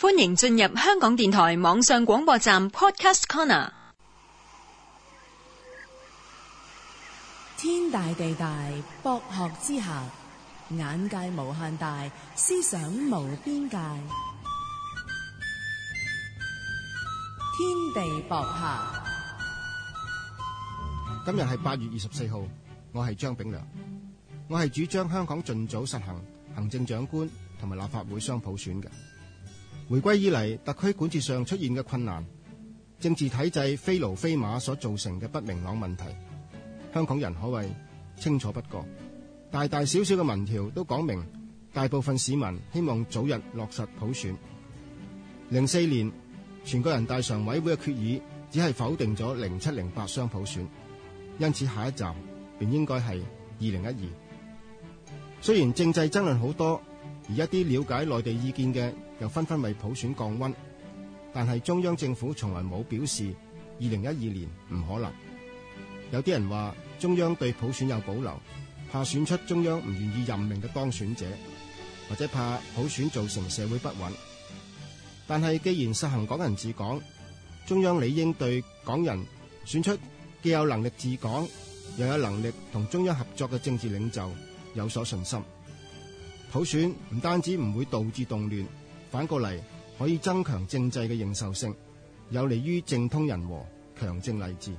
歡迎進入香港電台網上廣播站 Podcast Corner。天大地大，博學之下，眼界無限大，思想無邊界。天地博客。今日係八月二十四號，我係張炳良，我係主張香港盡早實行行政長官同埋立法會雙普選嘅。回歸以嚟，特區管治上出現嘅困難，政治體制非驢非馬所造成嘅不明朗問題，香港人可謂清楚不過。大大小小嘅民調都講明，大部分市民希望早日落實普選。零四年全國人大常委會嘅決議，只係否定咗零七零八雙普選，因此下一站便應該係二零一二。雖然政制爭論好多。而一啲了解內地意見嘅，又紛紛為普選降溫。但係中央政府從來冇表示二零一二年唔可能。有啲人話中央對普選有保留，怕選出中央唔願意任命嘅當選者，或者怕普選造成社會不穩。但係既然實行港人治港，中央理應對港人選出既有能力治港，又有能力同中央合作嘅政治領袖有所信心。普選唔單止唔會導致動亂，反過嚟可以增強政制嘅認受性，有利於政通人和、強政勵志。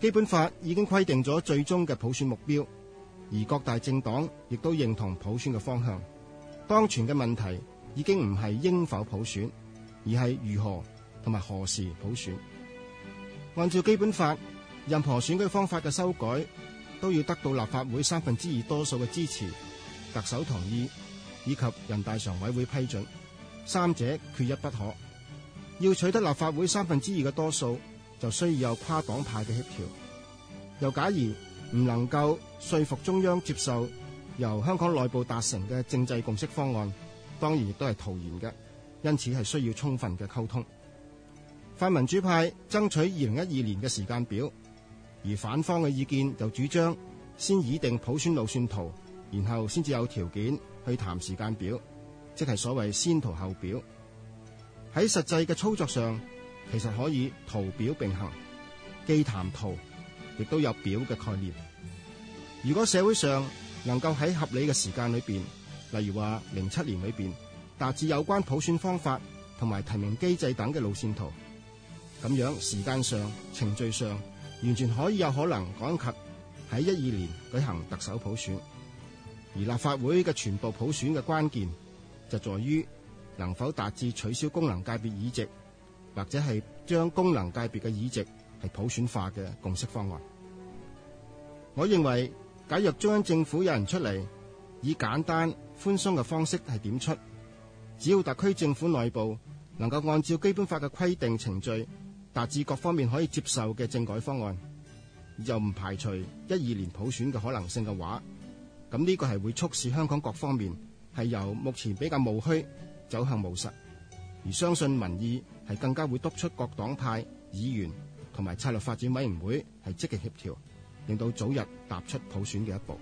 基本法已經規定咗最終嘅普選目標，而各大政黨亦都認同普選嘅方向。當前嘅問題已經唔係應否普選，而係如何同埋何時普選。按照基本法，任何選舉方法嘅修改都要得到立法會三分之二多數嘅支持。特首同意以及人大常委會批准，三者缺一不可。要取得立法會三分之二嘅多數，就需要有跨黨派嘅協調。又假如唔能夠說服中央接受由香港內部達成嘅政制共識方案，當然亦都係徒然嘅。因此係需要充分嘅溝通。泛民主派爭取二零一二年嘅時間表，而反方嘅意見就主張先擬定普選路線圖。然後先至有條件去談時間表，即係所謂先圖後表。喺實際嘅操作上，其實可以圖表並行，既談圖，亦都有表嘅概念。如果社會上能夠喺合理嘅時間裏邊，例如話零七年裏邊達至有關普選方法同埋提名機制等嘅路綫圖，咁樣時間上、程序上完全可以有可能趕及喺一二年舉行特首普選。而立法會嘅全部普選嘅關鍵，就在於能否達至取消功能界別議席，或者係將功能界別嘅議席係普選化嘅共識方案。我認為，假若中央政府有人出嚟以簡單寬鬆嘅方式係點出，只要特區政府內部能夠按照基本法嘅規定程序達至各方面可以接受嘅政改方案，又唔排除一二年普選嘅可能性嘅話，咁呢個係會促使香港各方面係由目前比較務虛走向務實，而相信民意係更加會督促各黨派議員同埋策略發展委員會係積極協調，令到早日踏出普選嘅一步。